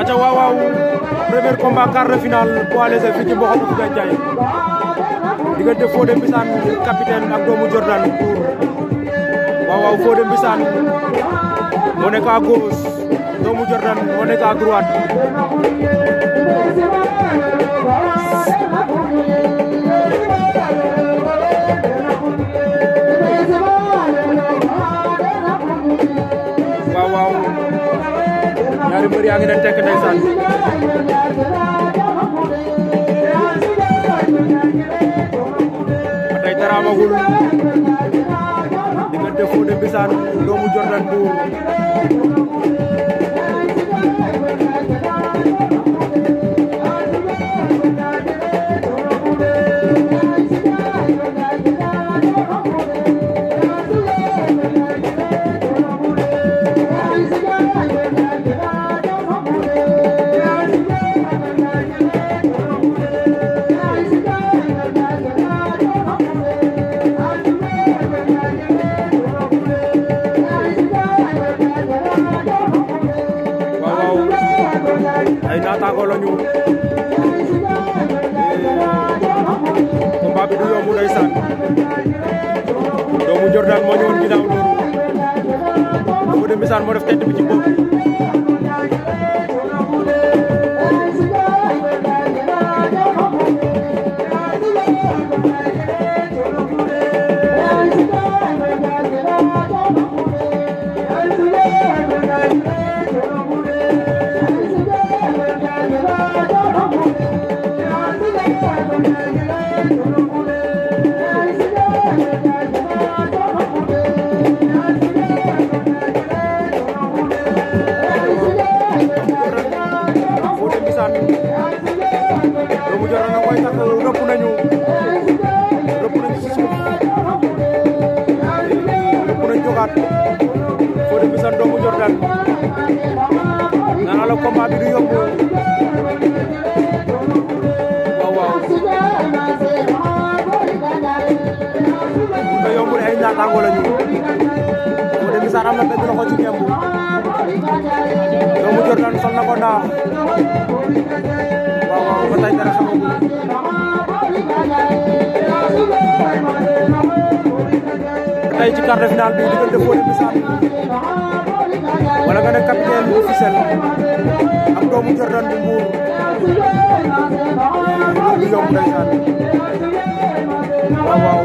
aca waaw waaw premier combat quart de finale poids léger fii ci Mboxom bu Gandiaye diggante Fodé Mbissane capitaine ak doomu Jordan Ndour waaw waaw Fodé Mbissane moo nekk Jordan moo nekk ñaari mbër yaa ngi ne tekk ndeysaan ba tey dara amagul diggante Fodé Mbissane doomu Jordan Ndour lañu combat bi du yomb ndeysaan doomu Jordan moo ñëwoon ginnaaw loolu mu dem bisaan moo def tête bi ci bopp mooy tax rëpp nañu rëpp nañu si suuf rëpp nañu jógaat Fodé Mbissane doomu Jordan nana la combat bi du yomb waaw waaw da yombul ay naataango lañu Fodé Mbissane am na benn loxo ci ñemb tey ci de finale bi diggante Fodé Mbissane wala nga ne capitaine bu Fissel ak doomu Jordan bu Mbour loolu yomb ndeysaan waaw waaw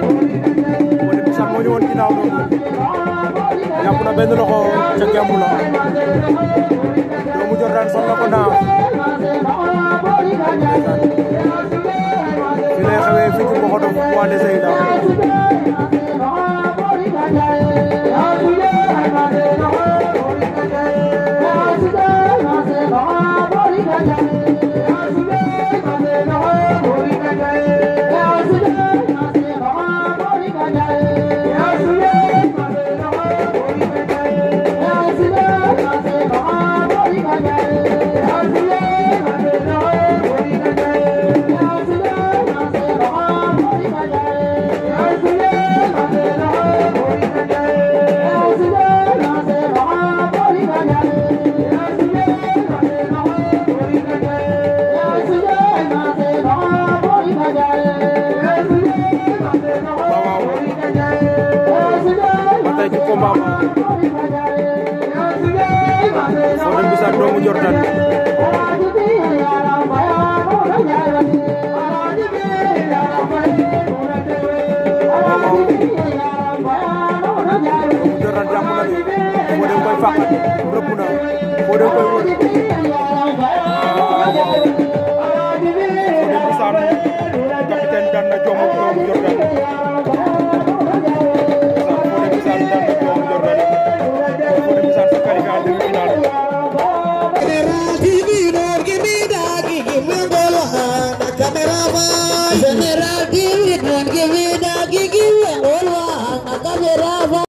Fodé Mbissane moo ñëwoon ginnaaw noonu jàpp na benn loxo ca gemb la doomu Jordan sonn na ko Bamba Serigne Bissane doomu Jordan doomu Jordan jàmm na ni foo dem koy fàqat rëbb na foo dem koy wër